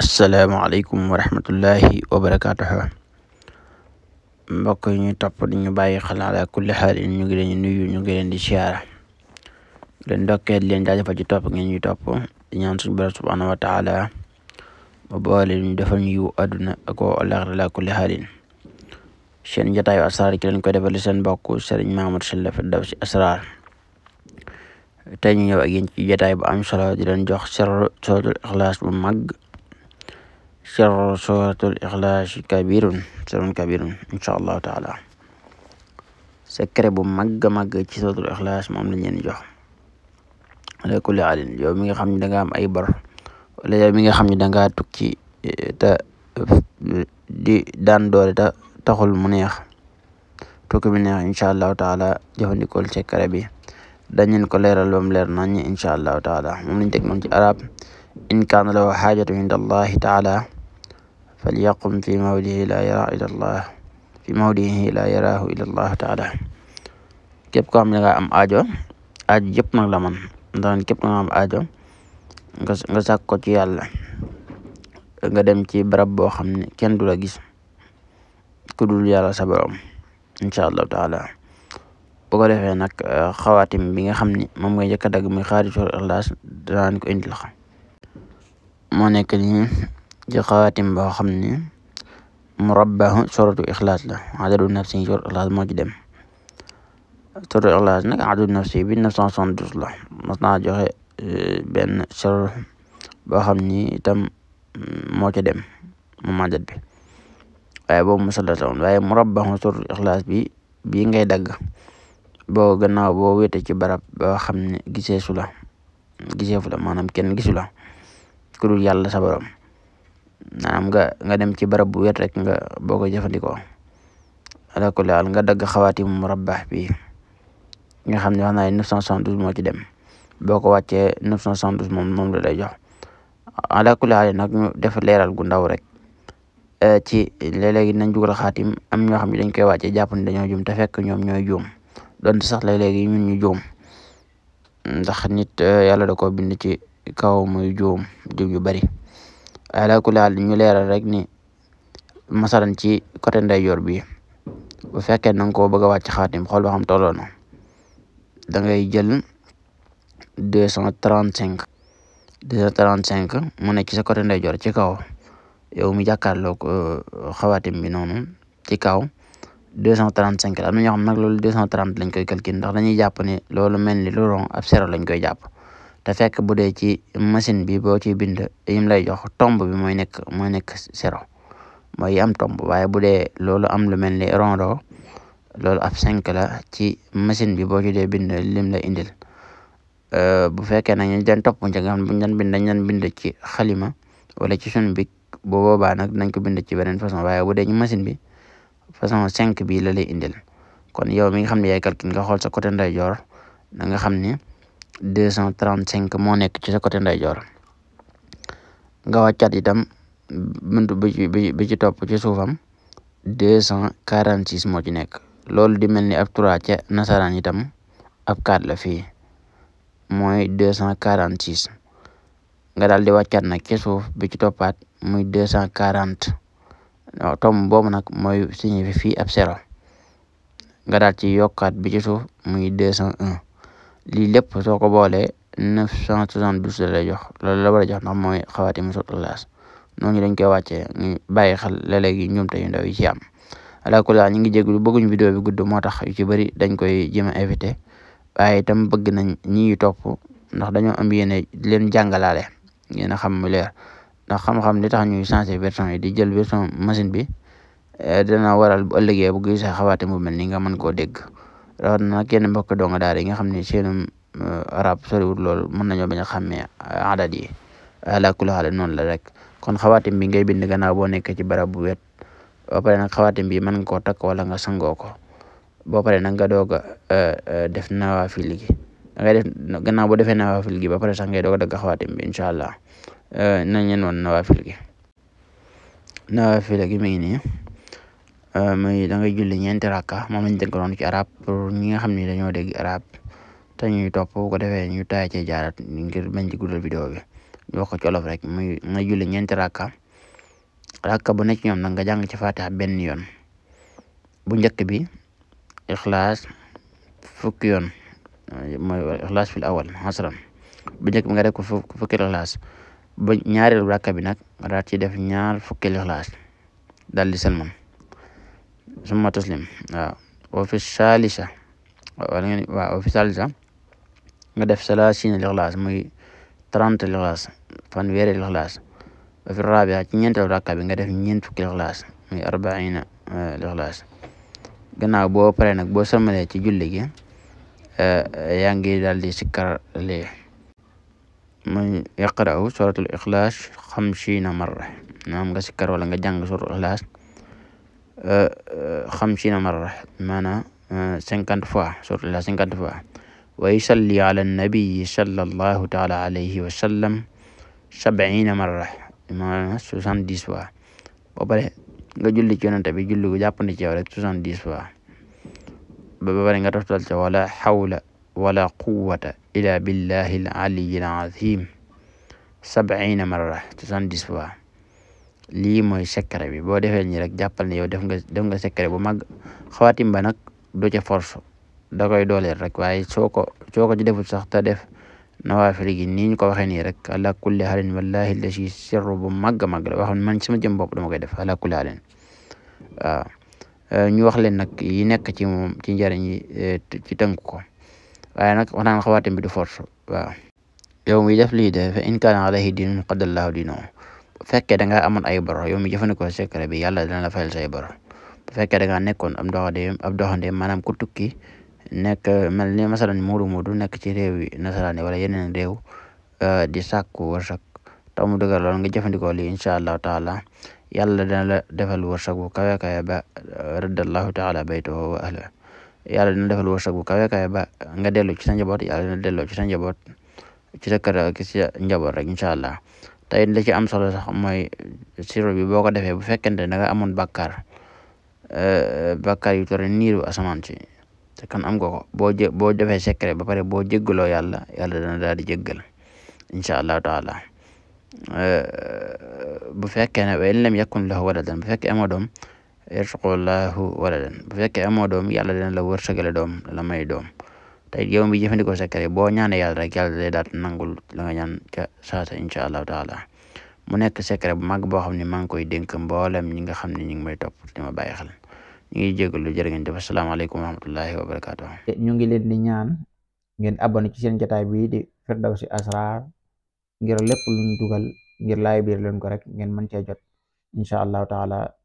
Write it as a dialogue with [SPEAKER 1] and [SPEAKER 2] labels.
[SPEAKER 1] asalaamaaleykum wa rahmatullahi wa mbokk yi ñuy topp di ñu bàyyi xel ala kulli xaal ñu ngi leen di nuyu ñu ngi leen di siyaara leen ndokkee di leen jaajëfal ci topp ngeen ñuy topp di ñaan suñu borom subhaanahu wa taala ba boole ñu defal ñu yiw àdduna ak woo àllaaxira ala kulli xaalin seen jotaayu asraar ki leen koy defal seen mbokk Serigne Mamadou Sylla Firdawsi asraar tey ñu ñëw ak yéen ci jotaay bu am solo di leen jox suratul ixlaas bu mag sharru suratul ixlaas kabirun sharrun kabirun incha allahu taala secret bu màgg màgg ci suratul ixlaas moom lañ jox ala kulli alin yow mi nga xam ne da nga am ay bar mi nga xam ne da nga tukki te di daan doole te taxul mu neex tukki bi neex incha taala jëfandikool secret bi dañu ko leeral ba mu leer nañ incha allahu taala moom lañ teg noonu ci arab in kaana lahu xaajatu inda taala falyaqum fi mawdihi laa fi mawdihi laa yaraahu ila taala képp koo xam ne nga am ajo aajo yëpp nag la man ndax képp nga am aajo nga nga sàkk ko ci yàlla nga dem ci barab boo xam ne kenn du la gis kudul dul yàlla sa borom incha allahu taala bu ko defee nag euh, xawaatim bi nga xam ne moom mooy njëkk a dagg muy xaaritul indil moo nekk nii ci xawaatim boo xam ne murabbahu suratu ixlaas la adadu nafsi suratu ixlaas moo ci dem suratu na nag adadu nafsi bi neuf cent soixante-douze la mas naa joxe euh, benn sor boo xam ni tam moo ci dem mu màjjat bi waaye boo musalla la woon waaye murabbahu suratu ixlaas bi bii ngay dagg boo gannaaw boo wéete ci barab boo xam ne gisee su la gisee fu la maanaam kenn gisu la ku dul yàlla sa borom maanaam nga nga dem ci barab bu wér rek nga boo ko jëfandikoo ala kulli haal nga dagg xawaati murabbah bi nga xam ne wax naa ne neuf cent douze moo ci dem boo ko wàccee neuf cent douze moom moom la lay jox ala kulli nag ñu def leeral gu ndaw rek eh, ci léeg-léegi nañ jugal xaatim am ñoo xam ne dañ koy wàccee jàpp dañoo juum te ñoom ñooy juum donte sax léeg-léegi ñun ñu juum ndax nit eh, yàlla da ko bind ci kaw muy juum jub yu bari waaye ala kulli ñu leeral rek ni masalan ci côté ndeyjoor bi bu fekkee na nga koo bëgg a wàcc xaatim xool ba xam tolloo na da ngay jël deux cent trente cinq deux cent trente cinq mu nekk ci sa côté ndeyjoor ci kaw yow mi jàkkaarloog euh, xawaatim bi noonu ci kaw deux cent trente cinq la am na ñoo xam loolu deux cent trente lañ koy calcul ndax dañuy jàpp ne loolu mel ni lu rong ab zéro koy jàpp te fekk bu dee ci machine bi boo ci bind yim lay jox tomb bi mooy nekk mooy nekk zéro mooy am tomb waaye bu dee loolu am lu mel ni rondo loolu ab cinq la ci machine bi boo ci dee bind lim la indil bu fekkee nag ñu den topp nga xam bu ñu doon bind dañ doon bind ci xalima wala ci sun bi bu boobaa nag nañ ko bind ci beneen façon waaye bu machine bi façon cinq bi la lay indil kon yow mi nga xam ne yaay calcul nga xool sa côté ndeyjoor na nga xam ni deux cent trente cinq moo nekk ci sa côté ndeyjoor nga wàccaat itam buntu bi ci bi ci topp ci suufam deux cent quarante six moo ci nekk loolu di mel ni ab trois ca nasaraan itam ab quatre la fii mooy deux cent quarante six nga daal di wàccaat nag ci suuf bi ci toppaat muy deux cent quarante tomb boobu nag mooy si signifie fii ab sero nga daal ci yokkaat bi ci suuf muy deux cent un lii lépp soo ko boolee neuf cent soixante-douze la jox loolu la war a jox ndax mooy xawaati mu sotul no noonu dañ koy wàccee ñu bàyyi xel léeg-léegi ñoom te yu ndaw yi ci am alaakulaa ñu ngi jéglu bëgguñu vidéo bi gudd moo tax yu ci bëri dañ koy jéem a invité waaye itam bëgg nañ ñi topp ndax dañoo am yéene leen jàngalaale yéen a xam mu leer ndax xam-xam li tax ñuy changé version yi di jël version machine bi eh, dana waral bu ëllëgee bu gisee xawaate mu mel ni nga mën koo dégg rawatina kenn mbokk donga daara yi nga xam ne seenum arab uh, soriwul lool mën nañoo bañ a xàmmee uh, adat yi ala kulli haal noonu la rek kon xawaatim bi ngay bind gannaaw boo nekk ci barab bu wet boo pare nag xawaatim bi mën nga koo takk wala nga sangoo ko boo pare nag nga doog a uh, def nawaafil gi dangay def gannaaw boo defee nawaafil gi ba pare sax ngay doog a dagg incha allah nañ leen woon na gi nawaafil gi mi ngi nii Euh, muy da ngay julli ñeenti rakka moom lañ tënkaloon ci arab pour ñi nga xam ne dañoo dégg arab te ñuy ko defee ñu taay cee jaarat ngir bañ ci guddal bi ñu wax ko rek muy nga julli ñeenti rakka rakka bu nekk ñoom nag nga jàng ci fatiha benn yoon bu njëkk bi ixlaas fukki yoon mooy ixlaas fil awal asran bu njëkk nga def ko fukki ixlaas bu ñaareelu rakka bi nag raat ci def ñaar fukki ixlaas daal di salman summa taslim waaw salisa wala ngeen waaw wa fi salisa nga def salaasina lixlaas muy trente lixlaas fanweeri rabia ci ñeenteelu rakka bi nga def ñent fukki lixlaas muy arbaina euh, lixlaas gannaaw boo paree nag boo sëlmalee ci julli gi euh, yaa ngi daal di sikkar lee muy iqra'u suratul ixlaas xamsiina marra maanaam nga sikkar wala nga jàng suratul ixlaas xamsiina marra maanaam cinquante fois suurat al-Ikhlas cinquante fois wa yusalli ala nabii taala alayhi wa sallam sabiina marra maanaam soixante dix nga julli ci yonent bi julli gu jàppandi ci yow rek soixante dix fois nga toftal ca wala xawla wala quwwata illa billahi al-aliyyi al-azim sabiina marra lii mooy secret bi boo defee nii rek jàppal ne yow def nga def nga secret bu mag xawaatim ba nag du ca force da koy dooleel rek waaye soo ko soo ko ci deful sax te def na waa nii ñu ko waxee nii rek ala kulli halin wallahi la si sirru bu mag a màgg la waxoon man sama jëm bopp dama koy def ala kulli halin waaw eh, ñu wax leen nag yi nekk ci moom ci njëriñ yi eh, ci tënk ko waaye nag wax naan xawaatim bi du force waaw yow mi def lii de fa in kaana alayhi diinun qadallahu diinahu fekkee da nga amoon ay bor yow mi jëfandikoo secret bi yàlla dina la fayal bor fekkee danga nekkoon ab doxandéem ab doxandéem maanaam ku tukki nekk mel ni masalan muudu muudu nekk ci réew yi nasaraan wala yeneen réew euh, di sàkku wërsëg taw mu dëgër lool nga jëfandikoo lii incha allahu taala yàlla dina la defal wërsëg bu kawe kawe ba euh, raddallahu taala baytahu wa ahlahu yalla dina defal wërsëg bu kawe kawe nga dellu ci sa njaboot yàlla dina delloo ci sa njaboot ci sa kër ak rek incha allah te la ci am solo sax mooy siro bi boo ko defee bu fekkente ne nga amoon bàkkaar eh, bàkkaar yu tore niiru asamaan si kan am nga boo jë boo defee secret ba pare boo jéggaloo yàlla yàlla dana daal di jéggal incha allahu taala eh, bu fekkee ne in lam yakun lahu waladan bu fekkee amoo doom yarzuqu llahu waladan bu fekkee amoo doom yàlla dana la wërsëgale doom la may doom te yow mi jëfandikoo sa kere boo ñaane yàlla rek yàlla day daal nangul la nga ñaan ca saasa incha allahu taala mu nekk secret bu màgg boo xam ne maa ngi koy dénk mboolem ñi nga xam ne ñu ngi may topp di ma bàyyi xel ñu ngi jégalu jërë ngeen def asalaamaaleykum wa rahmatullahi wa barakaatu. ngi leen di ñaan ngeen abonné ci seen jotaay bii di Firdawsi Asrar ngir lépp luñ dugal ngir laay biir leen ko rek ngeen mën cee jot incha allahu taala